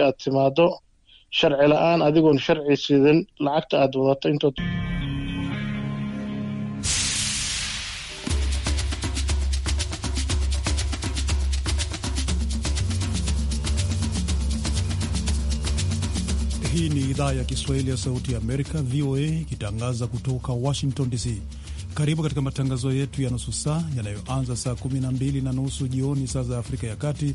aad timaado sharci la-aan adigoon sharci sidan lacagta aad wadato intood Hii ni idhaa ya Kiswahili ya Sauti ya Amerika, VOA, ikitangaza kutoka Washington DC. Karibu katika matangazo yetu ya nusu saa yanayoanza saa 12 na nusu jioni saa za Afrika ya Kati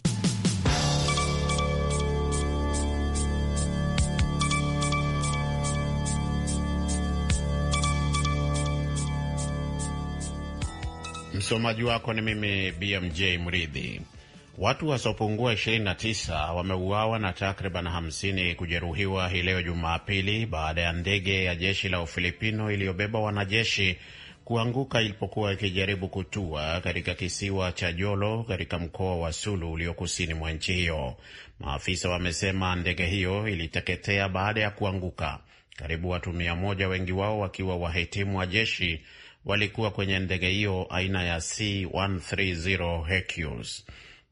Msomaji wako ni mimi BMJ Mridhi. Watu wasiopungua 29 wameuawa na takriban 50 kujeruhiwa hii leo Jumapili baada ya ndege ya jeshi la Ufilipino iliyobeba wanajeshi kuanguka ilipokuwa ikijaribu kutua katika kisiwa cha Jolo katika mkoa wa Sulu ulio kusini mwa nchi hiyo. Maafisa wamesema ndege hiyo iliteketea baada ya kuanguka. Karibu watu mia moja, wengi wao wakiwa wahitimu wa jeshi walikuwa kwenye ndege hiyo aina ya C130 Hercules.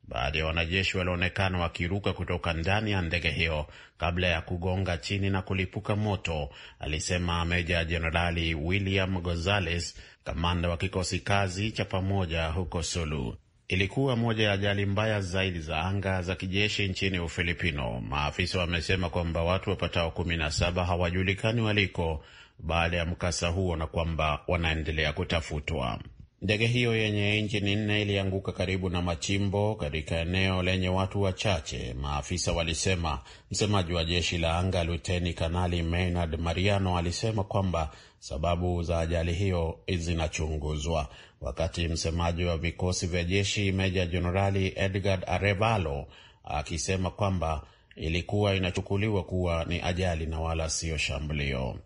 Baadhi ya wanajeshi walionekana wakiruka kutoka ndani ya ndege hiyo kabla ya kugonga chini na kulipuka moto, alisema Meja Jenerali William Gonzales, kamanda wa kikosi kazi cha pamoja huko Sulu. Ilikuwa moja ya ajali mbaya zaidi za anga za kijeshi nchini Ufilipino. Maafisa wamesema kwamba watu wapatao 17 hawajulikani waliko baada ya mkasa huo na kwamba wanaendelea kutafutwa. Ndege hiyo yenye injini nne ilianguka karibu na machimbo katika eneo lenye watu wachache, maafisa walisema. Msemaji wa jeshi la anga Luteni Kanali Maynard Mariano alisema kwamba sababu za ajali hiyo zinachunguzwa, wakati msemaji wa vikosi vya jeshi Meja Jenerali edgard Arevalo akisema kwamba ilikuwa inachukuliwa kuwa ni ajali na wala siyo shambulio.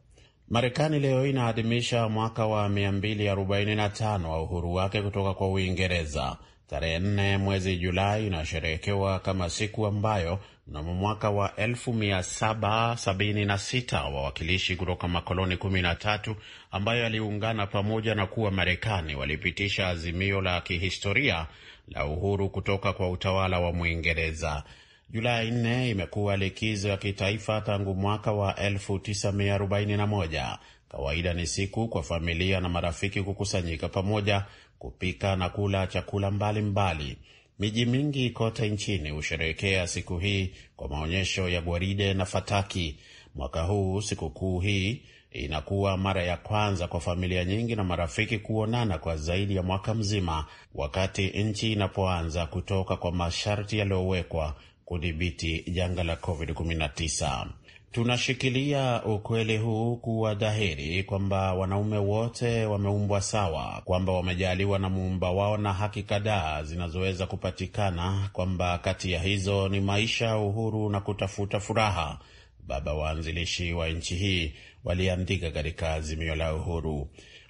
Marekani leo inaadhimisha mwaka wa 245 wa uhuru wake kutoka kwa Uingereza. Tarehe 4 mwezi Julai inasherehekewa kama siku ambayo mnamo mwaka wa 1776 wawakilishi kutoka makoloni 13 ambayo yaliungana pamoja na kuwa Marekani walipitisha azimio la kihistoria la uhuru kutoka kwa utawala wa Mwingereza. Julai 4 imekuwa likizo ya kitaifa tangu mwaka wa 1941. Kawaida ni siku kwa familia na marafiki kukusanyika pamoja, kupika na kula chakula mbalimbali mbali. Miji mingi kote nchini husherehekea siku hii kwa maonyesho ya gwaride na fataki. Mwaka huu sikukuu hii inakuwa mara ya kwanza kwa familia nyingi na marafiki kuonana kwa zaidi ya mwaka mzima, wakati nchi inapoanza kutoka kwa masharti yaliyowekwa kudhibiti janga la COVID-19. Tunashikilia ukweli huu kuwa dhahiri kwamba wanaume wote wameumbwa sawa, kwamba wamejaliwa na muumba wao na haki kadhaa zinazoweza kupatikana, kwamba kati ya hizo ni maisha, uhuru na kutafuta furaha. Baba waanzilishi wa nchi hii waliandika katika azimio la uhuru.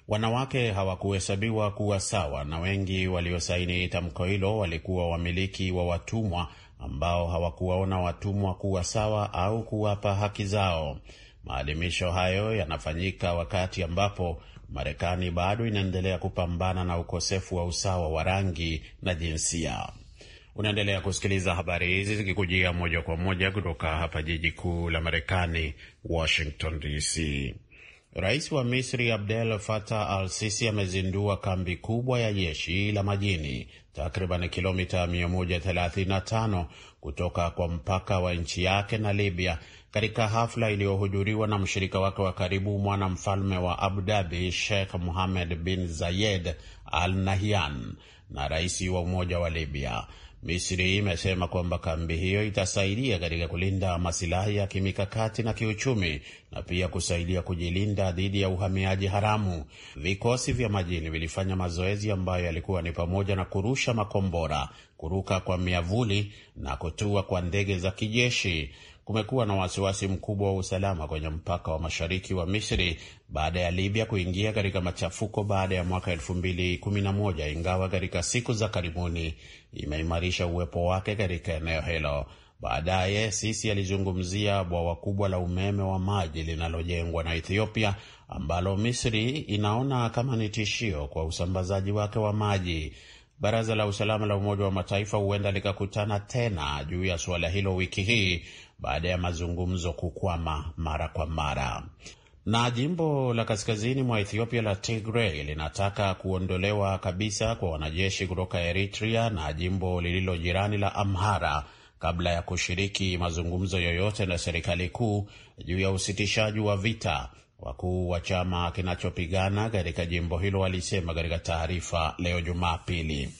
Wanawake hawakuhesabiwa kuwa sawa, na wengi waliosaini tamko hilo walikuwa wamiliki wa watumwa ambao hawakuwaona watumwa kuwa sawa au kuwapa haki zao. Maadhimisho hayo yanafanyika wakati ambapo Marekani bado inaendelea kupambana na ukosefu wa usawa wa rangi na jinsia. Unaendelea kusikiliza habari hizi zikikujia moja kwa moja kutoka hapa jiji kuu la Marekani, Washington DC. Rais wa Misri Abdel Fattah al Sisi amezindua kambi kubwa ya jeshi la majini takriban kilomita 135 kutoka kwa mpaka wa nchi yake na Libya, katika hafla iliyohudhuriwa na mshirika wake wa karibu mwanamfalme wa Abu Dhabi Sheikh Mohammed bin Zayed Al Nahyan na rais wa Umoja wa Libya. Misri imesema kwamba kambi hiyo itasaidia katika kulinda masilahi ya kimikakati na kiuchumi na pia kusaidia kujilinda dhidi ya uhamiaji haramu. Vikosi vya majini vilifanya mazoezi ambayo yalikuwa ni pamoja na kurusha makombora, kuruka kwa miavuli na kutua kwa ndege za kijeshi kumekuwa na wasiwasi mkubwa wa usalama kwenye mpaka wa mashariki wa Misri baada ya Libya kuingia katika machafuko baada ya mwaka 2011 ingawa katika siku za karibuni imeimarisha uwepo wake katika eneo hilo. Baadaye Sisi alizungumzia bwawa kubwa la umeme wa maji linalojengwa na Ethiopia ambalo Misri inaona kama ni tishio kwa usambazaji wake wa maji. Baraza la usalama la Umoja wa Mataifa huenda likakutana tena juu ya suala hilo wiki hii baada ya mazungumzo kukwama mara kwa mara. Na jimbo la kaskazini mwa Ethiopia la Tigray linataka kuondolewa kabisa kwa wanajeshi kutoka Eritrea na jimbo lililo jirani la Amhara kabla ya kushiriki mazungumzo yoyote na serikali kuu juu ya usitishaji wa vita, Wakuu wa chama kinachopigana katika jimbo hilo walisema katika taarifa leo Jumapili,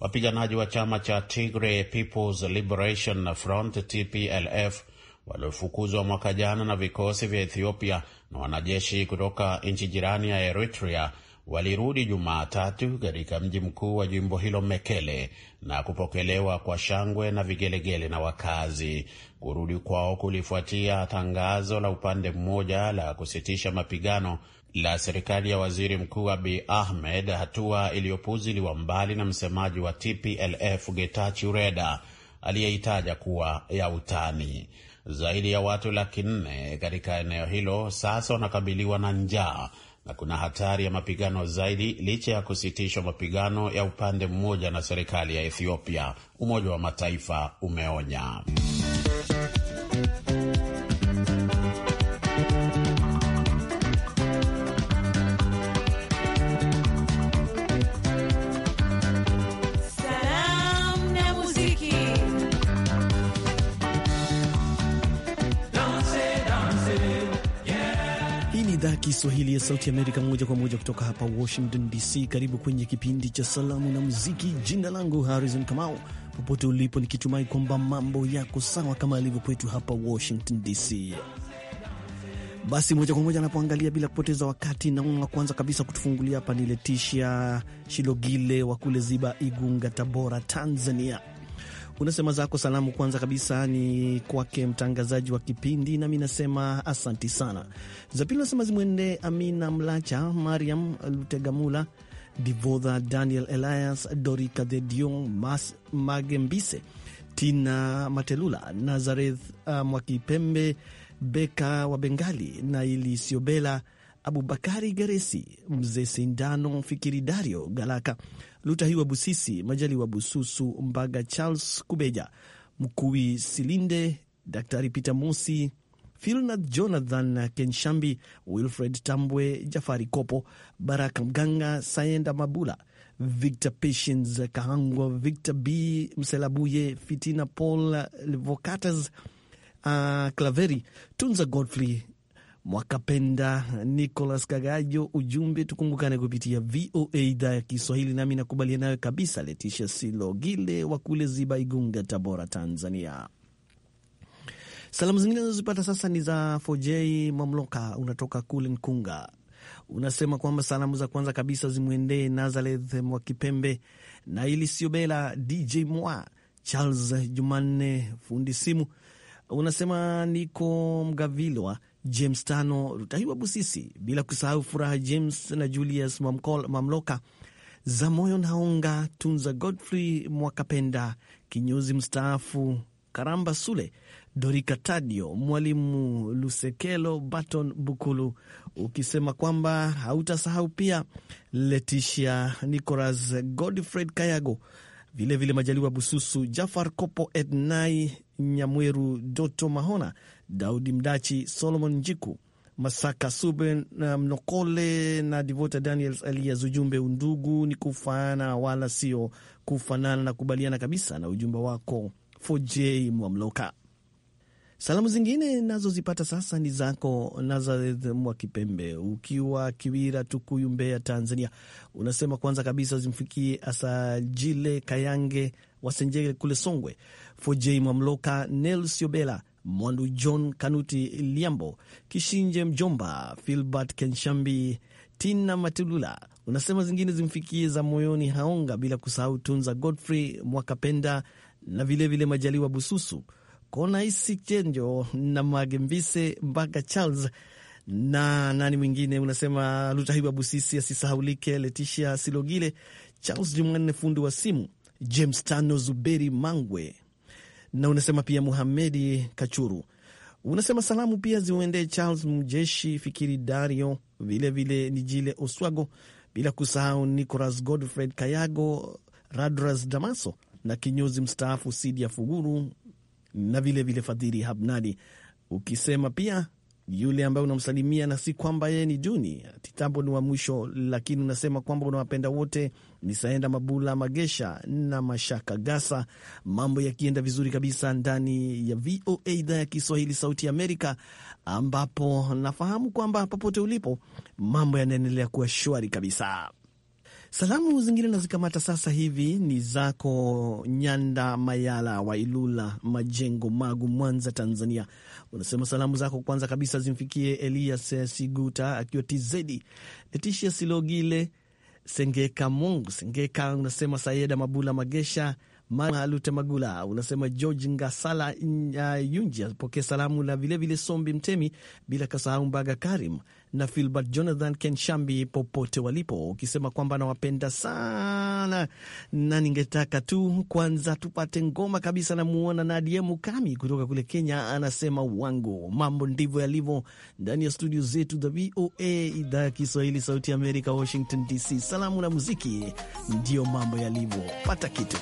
wapiganaji wa chama cha Tigray People's Liberation Front TPLF waliofukuzwa mwaka jana na vikosi vya Ethiopia na wanajeshi kutoka nchi jirani ya Eritrea walirudi Jumatatu katika mji mkuu wa jimbo hilo Mekele na kupokelewa kwa shangwe na vigelegele na wakazi. Kurudi kwao kulifuatia tangazo la upande mmoja la kusitisha mapigano la serikali ya waziri mkuu abi Ahmed, hatua iliyopuziliwa mbali na msemaji wa TPLF Getachew Reda aliyeitaja kuwa ya utani. Zaidi ya watu laki nne katika eneo hilo sasa wanakabiliwa na njaa na kuna hatari ya mapigano zaidi licha ya kusitishwa mapigano ya upande mmoja na serikali ya Ethiopia, Umoja wa Mataifa umeonya. Kiswahili ya Sauti Amerika moja kwa moja kutoka hapa Washington DC. Karibu kwenye kipindi cha salamu na muziki. Jina langu Harrison Kamau, popote ulipo, nikitumai kwamba mambo yako sawa kama alivyo kwetu hapa Washington DC. Basi moja kwa moja anapoangalia bila kupoteza wakati, naona kwanza kabisa kutufungulia hapa ni Shilogile wa kule Ziba, Igunga, Tabora, Tanzania. Unasema zako salamu kwanza kabisa ni kwake mtangazaji wa kipindi, nami nasema asanti sana. Za pili nasema zimwende Amina Mlacha, Mariam Lutegamula, Divodha Daniel Elias, Dori de Mas Magembise, Tina Matelula, Nazareth uh, Mwakipembe, Beka wa Bengali, Naili Siobela, Abubakari Garesi, Mzee Sindano, Fikiri Dario Galaka Lutahiwa Busisi, Majaliwa Bususu, Mbaga Charles Kubeja, Mkuwi Silinde, Daktari Peter Musi, Filnath Jonathan Kenshambi, Wilfred Tambwe, Jafari Kopo, Baraka Mganga, Sayenda Mabula, Victor patiens Kahangwa, Victor B Mselabuye, Fitina Paul Levocatas, uh, Claveri Tunza Godfrey Mwakapenda Nicolas Kagajo, ujumbe tukumbukane kupitia VOA idhaa ya Kiswahili. Nami nakubalia nawe kabisa, Letisha Silo Gile wa kule Ziba, Igunga, Tabora, Tanzania. Salamu zingine nazozipata sasa ni za Fojei Mamloka, unatoka kule Nkunga. Unasema kwamba salamu za kwanza kabisa zimwendee Nazareth Mwakipembe na ili Siobela, DJ Mwa, Charles Jumanne fundi simu. Unasema niko Mgavilwa James Tano Rutahiwa Busisi, bila kusahau Furaha James na Julius Mamkol, Mamloka za moyo naonga Tunza Godfrey Mwakapenda kinyozi mstaafu Karamba Sule Dorika Tadio Mwalimu Lusekelo Baton Bukulu, ukisema kwamba hautasahau pia letitia Nicolas Godfred Kayago vilevile Majaliwa Bususu, Jafar Kopo, Ednai Nyamweru, Doto Mahona, Daudi Mdachi, Solomon Njiku, Masaka Sube na Mnokole na Divota Daniels Elias. Ujumbe, undugu ni kufaana wala sio kufanana, na kubaliana kabisa na ujumbe wako Foj Mwamloka. Salamu zingine nazozipata sasa ni zako Nazareth Mwakipembe, ukiwa Kiwira, Tukuyu, Mbeya, Tanzania. Unasema kwanza kabisa zimfikie Asajile Kayange Wasenjele kule Songwe, Foj Mwamloka, Nel Siobela Mwandu, John Kanuti Liambo, Kishinje Mjomba, Filbert Kenshambi, Tina Matulula. Unasema zingine zimfikie za moyoni Haonga, bila kusahau Tunza Godfrey Mwakapenda na vilevile vile Majaliwa Bususu Konaisi Chenjo na Magembise Mbaga Charles na nani mwingine unasema Lutahiwa Busisi asisahaulike, Leticia Silogile, Charles Jumanne fundi wa simu, James Tano Zuberi Mangwe na unasema pia Muhamedi Kachuru. Unasema salamu pia ziuendee Charles Mjeshi, Fikiri Dario, vilevile Nijile Oswago, bila kusahau Nicolas Godfred Kayago, Radras Damaso na kinyozi mstaafu Sidia Fuguru na vilevile Fadhili Habnadi, ukisema pia yule ambaye unamsalimia na si kwamba yeye ni Juni Titambo ni wa mwisho, lakini unasema kwamba unawapenda wote. Nisaenda Mabula Magesha na Mashaka Gasa, mambo yakienda vizuri kabisa ndani ya VOA idhaa ya Kiswahili Sauti Amerika, ambapo nafahamu kwamba popote ulipo mambo yanaendelea kuwa shwari kabisa. Salamu zingine nazikamata sasa hivi ni zako Nyanda Mayala wa Ilula Majengo, Magu, Mwanza, Tanzania. Unasema salamu zako kwanza kabisa zimfikie Elias Siguta akiwa Tizedi, Letishia Silogile Sengeka Mungu Sengeka, unasema Sayeda Mabula Magesha Malute Magula unasema George Ngasala uh, Yunji apokee salamu na vilevile vile Sombi Mtemi, bila kasahau Mbaga Karim na Filbert Jonathan Kenshambi popote walipo, ukisema kwamba nawapenda sana na ningetaka tu kwanza tupate ngoma kabisa. Namuona Nadia Mukami kutoka kule Kenya, anasema wangu. mambo ndivyo yalivyo ndani ya studio zetu za VOA idhaa ya Kiswahili, Sauti ya Amerika, Washington DC. Salamu na muziki ndiyo mambo yalivyo, pata kitu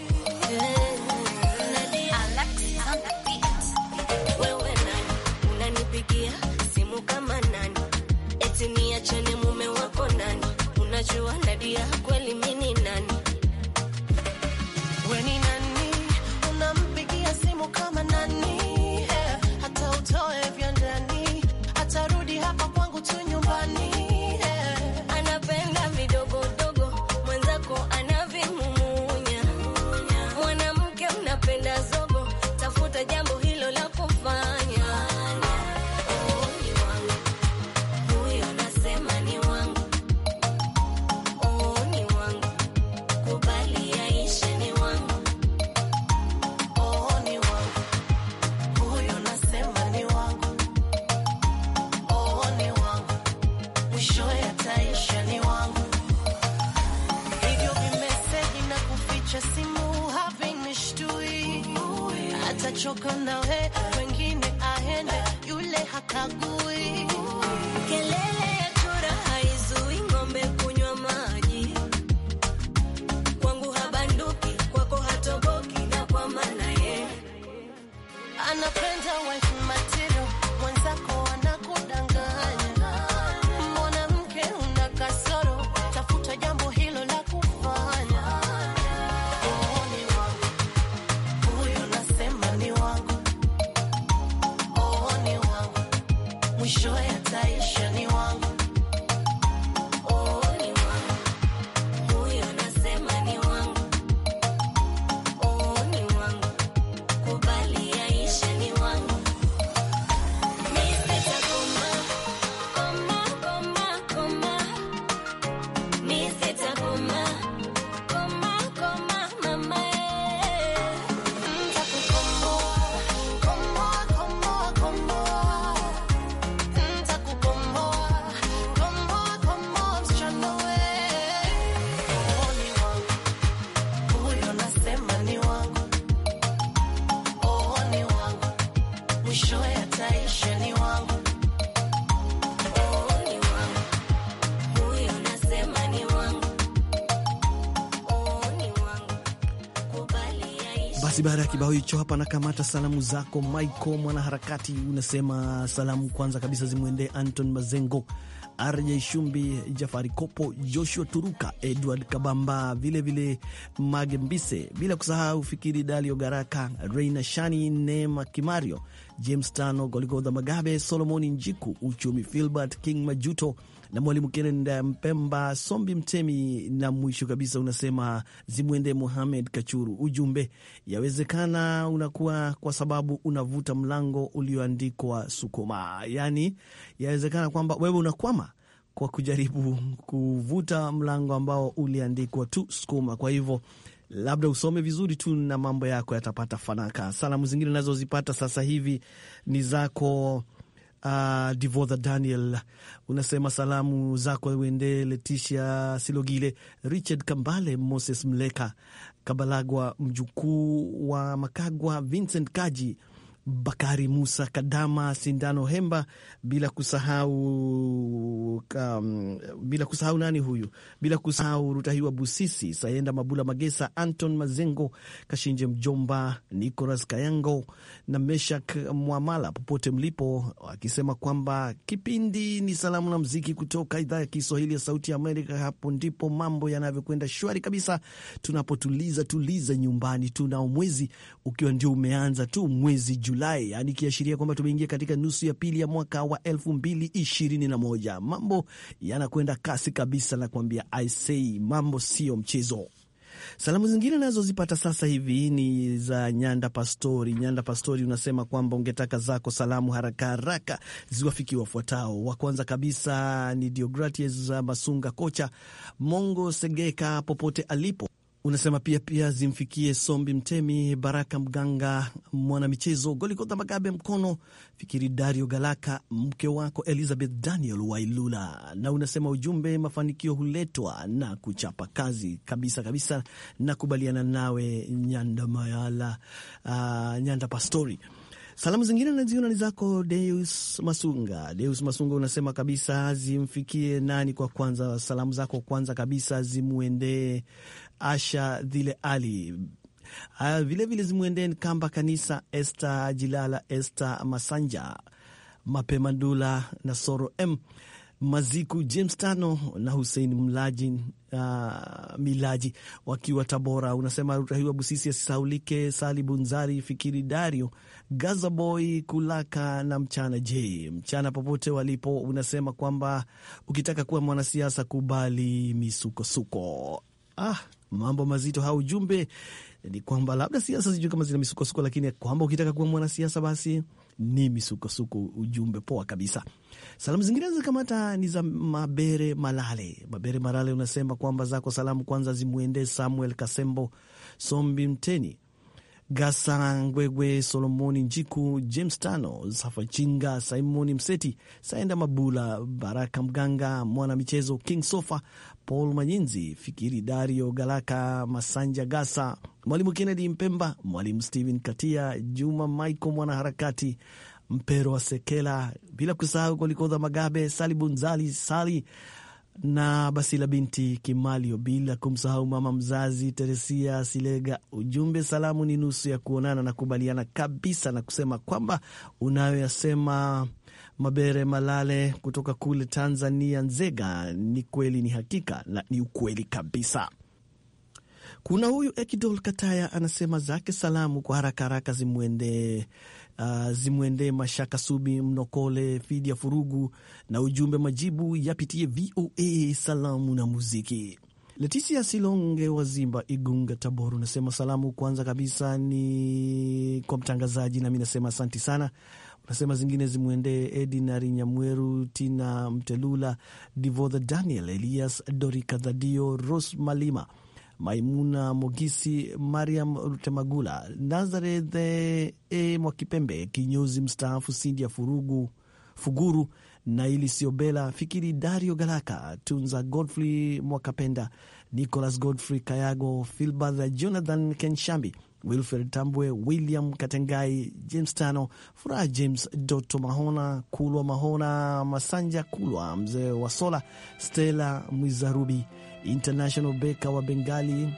Basi baada ya kibao hicho hapa, nakamata salamu zako Michael mwanaharakati. Unasema salamu kwanza kabisa zimwendee Anton Mazengo, Arja Shumbi, Jafari Kopo, Joshua Turuka, Edward Kabamba, vilevile Magembise, bila kusahau Fikiri Dalio Garaka, Reina Shani, Neema Kimario, James Tano, Goligodha Magabe, Solomoni Njiku, Uchumi, Filbert King Majuto na Mwalimu Kerenda Mpemba Sombi Mtemi, na mwisho kabisa unasema zimwende Muhamed Kachuru. Ujumbe yawezekana unakuwa kwa sababu unavuta mlango ulioandikwa sukuma, yaani yawezekana kwamba wewe unakwama kwa kujaribu kuvuta mlango ambao uliandikwa tu sukuma. Kwa hivyo labda usome vizuri tu na mambo yako yatapata fanaka. Salamu zingine nazozipata sasa hivi ni zako Uh, ah, Divodha Daniel unasema salamu zako wende Leticia Silogile, Richard Kambale, Moses Mleka Kabalagwa, mjukuu wa Makagwa, Vincent Kaji Bakari Musa Kadama, Sindano Hemba, bila kusahau um, bila kusahau nani huyu, bila kusahau Rutahiwa Busisi, Sayenda Mabula Magesa, Anton Mazengo, Kashinje Mjomba, Nicolas Kayango na Meshak Mwamala, popote mlipo, akisema kwamba kipindi ni salamu na mziki kutoka idhaa ya Kiswahili ya Sauti ya Amerika. Hapo ndipo mambo yanavyokwenda shwari kabisa, tunapotuliza tuliza nyumbani. Tunao mwezi ukiwa ndio umeanza tu, mwezi Julai Julai, yaani ikiashiria kwamba tumeingia katika nusu ya pili ya mwaka wa 2021. Mambo yanakwenda kasi kabisa, nakuambia aisei, mambo siyo mchezo. Salamu zingine nazozipata sasa hivi ni za Nyanda Pastori. Nyanda Pastori unasema kwamba ungetaka zako salamu haraka haraka ziwafikie wafuatao. Wa kwanza kabisa ni Diogratius Masunga, kocha Mongo Segeka popote alipo, Unasema pia pia zimfikie Sombi Mtemi, Baraka Mganga, mwanamichezo Goligodha Magabe Mkono, Fikiri Dario Galaka, mke wako Elizabeth Daniel Wailula. Na unasema ujumbe, mafanikio huletwa na kuchapa kazi. Kabisa kabisa, nakubaliana nawe Nyanda Mayala, uh, Nyanda Pastori. Salamu zingine naziona ni zako Deus Masunga. Deus Masunga unasema kabisa zimfikie nani kwa kwanza? Salamu zako kwanza kabisa zimuendee Asha Dhile Ali. Vilevile zimwendeni Kamba Kanisa, Esther Jilala, Esther Masanja, Mapema Ndula na Soro M Maziku, James Tano na Hussein Mlaji, uh, Milaji wakiwa Tabora. Unasema Rutahiwa Busisi asisaulike, Sali Bunzari, Fikiri Dario, Boy Kulaka na Mchana J Mchana popote walipo. Unasema kwamba ukitaka kuwa mwanasiasa kubali misukosuko. Ah, mambo mazito. Ha, ujumbe ni kwamba labda siasa sijui kama zina misukosuko, lakini kwamba ukitaka kuwa mwanasiasa basi ni misukosuko. Ujumbe poa kabisa. Salamu zingine zikamata ni za Mabere Malale. Mabere Malale unasema kwamba zako salamu kwanza zimwendee Samuel Kasembo Sombi Mteni gasa ngwegwe Solomoni Njiku, James Tano, Safachinga, Simoni Mseti, Saenda Mabula, Baraka Mganga, mwanamichezo King Sofa, Paul Manyinzi, Fikiri Dario, Galaka Masanja Gasa, Mwalimu Kennedy Mpemba, Mwalimu Stephen Katia, Juma Michael mwanaharakati Mpero wa Sekela, bila kusahau Kolikodha Magabe, Sali Bunzali, Sali na Basila binti Kimalio, bila kumsahau mama mzazi Teresia Silega. Ujumbe salamu ni nusu ya kuonana, na kubaliana kabisa na kusema kwamba unayoyasema Mabere Malale kutoka kule Tanzania, Nzega, ni kweli, ni hakika na ni ukweli kabisa. Kuna huyu Ekidol Kataya anasema zake salamu kwa haraka haraka zimwendee uh, ah, zimwendee Mashaka Subi Mnokole, Fidia Furugu na ujumbe, majibu yapitie VOA salamu na muziki. Letisia Silonge wa Zimba, Igunga, Tabora, unasema salamu kwanza kabisa ni kwa mtangazaji, nami nasema asanti sana. Unasema zingine zimwendee Edinari Nyamweru, Tina Mtelula, Divodha Daniel, Elias Dorika, Dhadio Ros Malima Maimuna Mogisi, Mariam rutemagula Nazareth e Mwakipembe, kinyozi mstaafu Sindia Furugu Fuguru, Naili Siobela, Fikiri Dario Galaka, Tunza Godfrey Mwakapenda, Nicholas Godfrey Kayago, filbadha Jonathan Kenshambi, Wilfred Tambwe, William Katengai, James Tano, Furaha James, Doto Mahona, Kulwa Mahona, Masanja Kulwa, Mzee wa Sola, Stella Mwizarubi International Beka wa Bengali,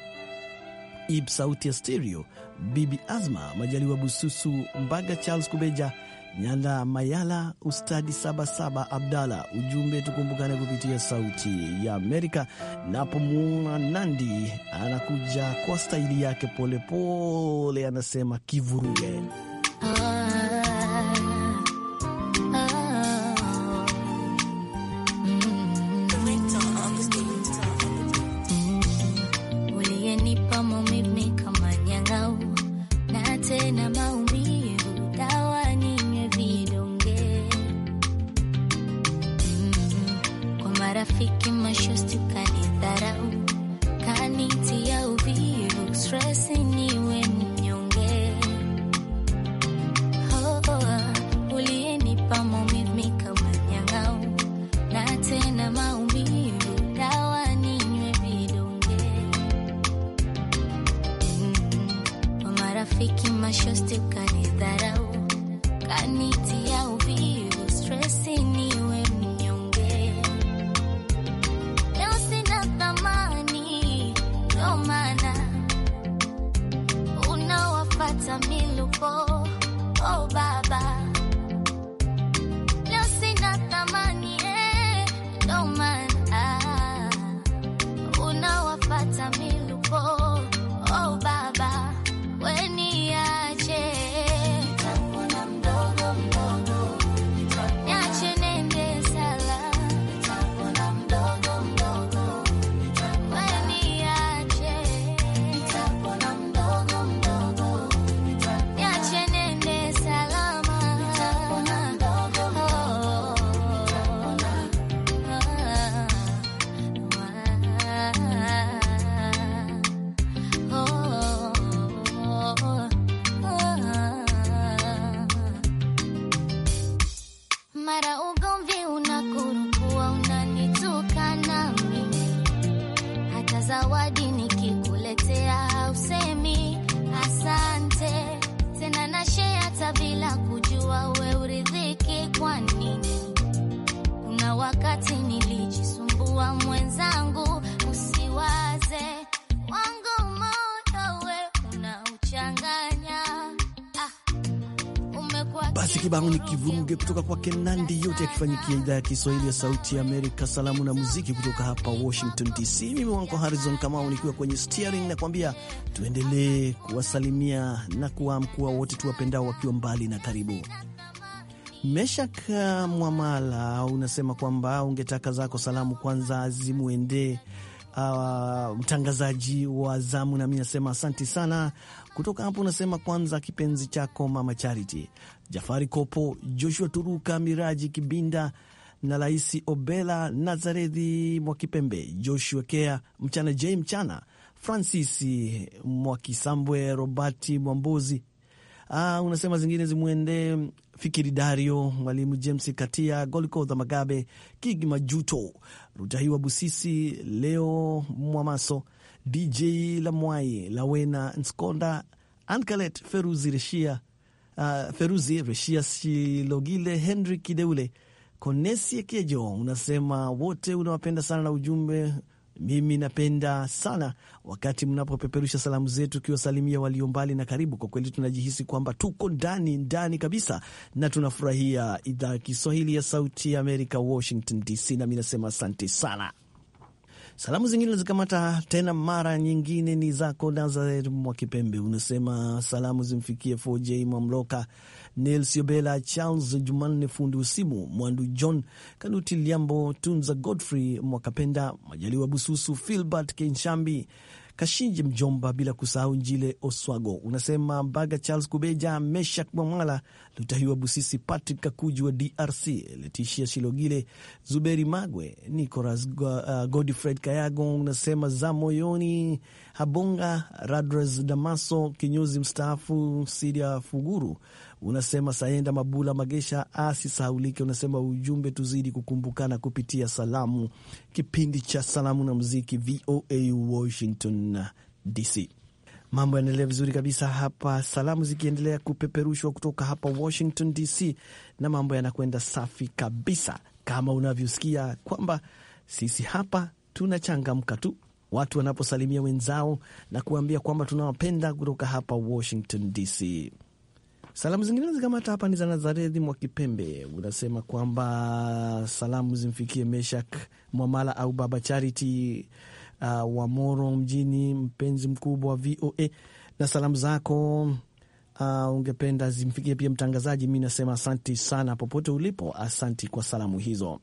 Ib Sauti ya Stereo, Bibi Azma Majaliwa, Bususu Mbaga, Charles Kubeja, Nyanda Mayala, Ustadi Sabasaba Abdala. Ujumbe, tukumbukane kupitia Sauti ya Amerika. Napomwona Nandi anakuja kwa staili yake polepole pole, anasema kivuruge ah. some zawadi nikikuletea usemi asante tena, na share hata bila kujua we uridhiki. Kwa nini? Kuna wakati nilijisumbua mwenzangu, usiwazi Basi kibao ni kivuruge kutoka kwake Nandi, yote yakifanyikia idhaa ya Kiswahili ya Sauti ya Amerika. Salamu na muziki kutoka hapa Washington DC. Mimi wako Harizon Kamau nikiwa kwenye steering na kuambia tuendelee kuwasalimia na kuwaamkua wote tuwapendao wakiwa mbali na karibu. Meshak uh, Mwamala unasema kwamba ungetaka zako salamu kwanza zimwendee Uh, mtangazaji wa zamu, nami nasema asanti sana. Kutoka hapo unasema kwanza kipenzi chako Mama Charity, Jafari Kopo, Joshua Turuka, Miraji Kibinda na raisi Obela, Nazarethi Mwakipembe, Joshua Kea, Mchana J Mchana, Francis Mwakisambwe, Robati Mwambozi. Ah, unasema zingine zimwende Fikiri Dario, Mwalimu James Katia, Golkodha Magabe, Kigi Majuto, Rutahiwa Busisi, Leo Mwamaso, DJ Lamwai, Lawena Nskonda, Ankalet Feruzi Reshia uh, Feruzi Reshia Shilogile, Henry Kideule, Konesie Kejo, unasema wote unawapenda sana na ujumbe mimi napenda sana wakati mnapopeperusha salamu zetu, ukiwasalimia walio mbali na karibu. Kwa kweli tunajihisi kwamba tuko ndani ndani kabisa, na tunafurahia idhaa ya Kiswahili ya Sauti ya Amerika, Washington DC. Nami nasema asante sana. Salamu zingine zikamata tena mara nyingine ni zako Nazaret Mwakipembe, unasema salamu zimfikie FJ Mamloka, Nelsiobela, Charles Jumanne fundi usimu, Mwandu John Kanuti, Liambo Tunza, Godfrey Mwakapenda, Majaliwa Bususu, Filbert Kenshambi, kashinji mjomba, bila kusahau Njile Oswago. Unasema Mbaga Charles Kubeja, Meshak Mwamala Lutahiwa Busisi, Patrick Kakuji wa DRC, Letishia Shilogile, Zuberi Magwe, Nicolas uh, Godifred Kayago, unasema za moyoni, Habonga Radres Damaso, kinyozi mstaafu Sidia Fuguru, unasema Saenda Mabula Magesha asisahaulike. Unasema ujumbe, tuzidi kukumbukana kupitia salamu, kipindi cha salamu na muziki, VOA Washington DC. Mambo yanaendelea vizuri kabisa hapa, salamu zikiendelea kupeperushwa kutoka hapa Washington DC, na mambo yanakwenda safi kabisa, kama unavyosikia kwamba sisi hapa tunachangamka tu watu wanaposalimia wenzao na kuambia kwamba tunawapenda kutoka hapa Washington DC. Salamu zingine zikamata hapa ni za Nazarethi mwa Kipembe, unasema kwamba salamu zimfikie Meshak Mwamala au Baba Charity uh, wa Moro mjini, mpenzi mkubwa wa VOA, na salamu zako uh, ungependa zimfikie pia mtangazaji. Mi nasema asanti sana popote ulipo, asanti kwa salamu hizo.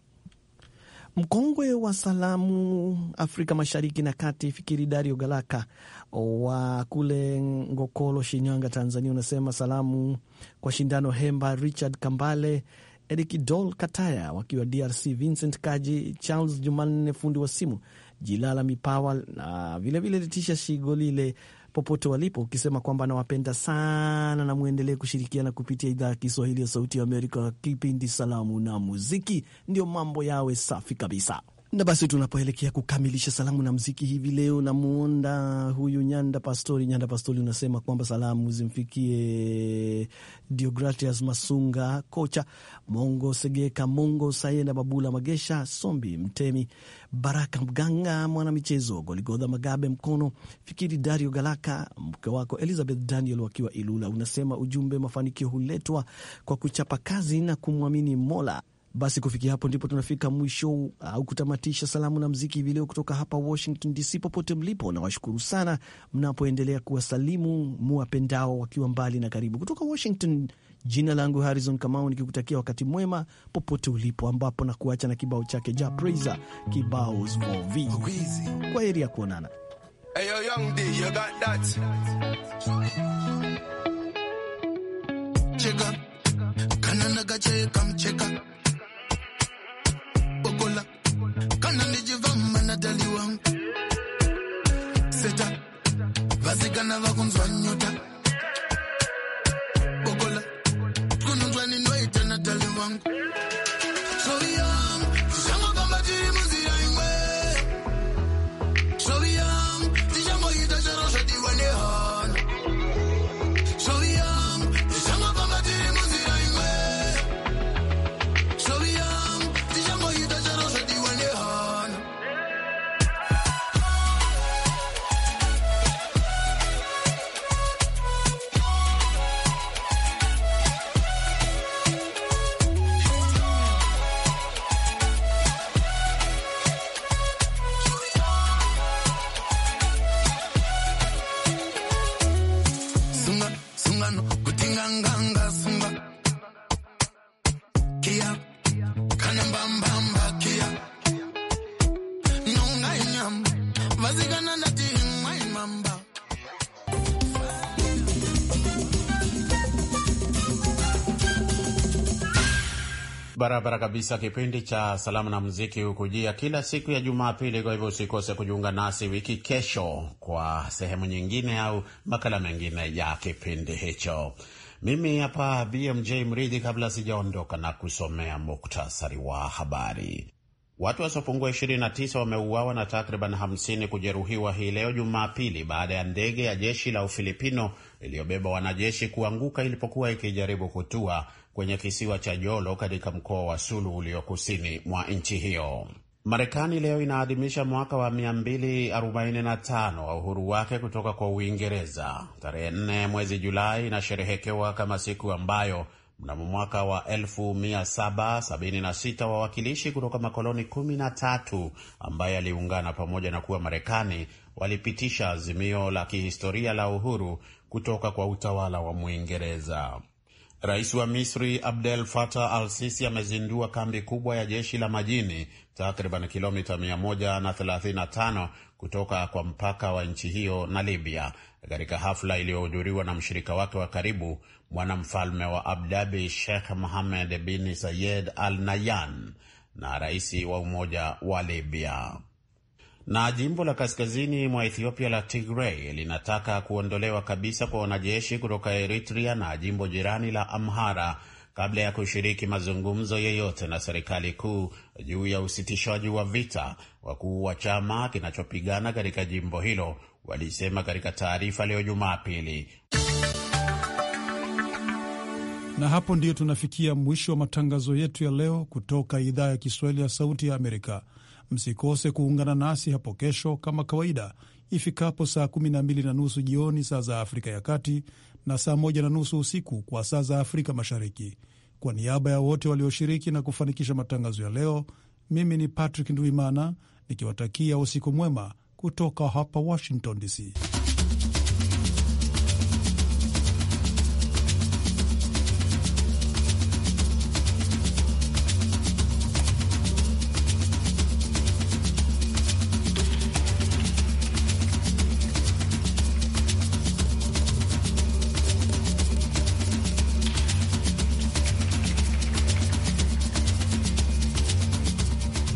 Mkongwe wa salamu Afrika Mashariki na Kati, Fikiri Dario Galaka wa kule Ngokolo, Shinyanga, Tanzania, unasema salamu kwa Shindano Hemba, Richard Kambale, Eric Dol Kataya wakiwa DRC, Vincent Kaji, Charles Jumanne fundi wa simu Jilala Mipawa na vilevile Letisha Shigolile popote walipo, ukisema kwamba nawapenda sana na mwendelee kushirikiana kupitia idhaa ya Kiswahili ya Sauti ya Amerika, kipindi Salamu na Muziki, ndio mambo yawe safi kabisa. Na basi tunapoelekea kukamilisha salamu na mziki hivi leo, namuonda huyu Nyanda Pastori. Nyanda Pastori, unasema kwamba salamu zimfikie Diogratias Masunga, kocha Mongo Segeka, Mongo Sayenda, Babula Magesha, Sombi Mtemi, Baraka Mganga, mwanamichezo Goligodha Magabe, Mkono Fikiri, Dario Galaka, mke wako Elizabeth Daniel wakiwa Ilula. Unasema ujumbe, mafanikio huletwa kwa kuchapa kazi na kumwamini Mola. Basi kufikia hapo ndipo tunafika mwisho uh, au kutamatisha salamu na mziki hivi leo kutoka hapa Washington DC. Popote mlipo, nawashukuru sana mnapoendelea kuwasalimu muwapendao wakiwa mbali na karibu. Kutoka Washington, jina langu Harrison Kamau, nikikutakia wakati mwema popote ulipo, ambapo na kuacha na kibao chake Ja Praiser, kibao Vovi. Kwa heri ya kuonana. Hey, yo, young D, you got that. navakunzwa nyota Barabara kabisa. Kipindi cha salamu na muziki hukujia kila siku ya Jumapili, kwa hivyo usikose kujiunga nasi wiki kesho kwa sehemu nyingine au makala mengine ya kipindi hicho. Mimi hapa BMJ Mridhi, kabla sijaondoka na kusomea muktasari wa habari. Watu wasiopungua 29 wameuawa na takriban 50 kujeruhiwa hii leo Jumapili baada ya ndege ya jeshi la Ufilipino iliyobeba wanajeshi kuanguka ilipokuwa ikijaribu kutua kwenye kisiwa cha Jolo katika mkoa wa Sulu ulio kusini mwa nchi hiyo. Marekani leo inaadhimisha mwaka wa 245 wa uhuru wake kutoka kwa Uingereza. Tarehe 4 mwezi Julai inasherehekewa kama siku ambayo mnamo mwaka wa 1776 wawakilishi kutoka makoloni 13 ambayo yaliungana pamoja na kuwa Marekani walipitisha azimio la kihistoria la uhuru kutoka kwa utawala wa Mwingereza. Rais wa Misri Abdel Fattah al-Sisi amezindua kambi kubwa ya jeshi la majini takriban kilomita 135 kutoka kwa mpaka wa nchi hiyo na Libya, katika hafla iliyohudhuriwa na mshirika wake wa karibu mwanamfalme wa abdabi Sheikh Mohammed bin Zayed Al nayan na rais wa Umoja wa Libya. Na jimbo la kaskazini mwa Ethiopia la Tigray linataka kuondolewa kabisa kwa wanajeshi kutoka Eritrea na jimbo jirani la Amhara kabla ya kushiriki mazungumzo yeyote na serikali kuu juu ya usitishaji wa vita, wakuu wa chama kinachopigana katika jimbo hilo walisema katika taarifa leo Jumapili. Na hapo ndiyo tunafikia mwisho wa matangazo yetu ya leo kutoka idhaa ya Kiswahili ya Sauti ya Amerika. Msikose kuungana nasi hapo kesho kama kawaida ifikapo saa kumi na mbili na nusu jioni saa za Afrika ya Kati na saa moja na nusu usiku kwa saa za Afrika Mashariki. Kwa niaba ya wote walioshiriki na kufanikisha matangazo ya leo, mimi ni Patrick Ndwimana nikiwatakia usiku mwema kutoka hapa Washington DC.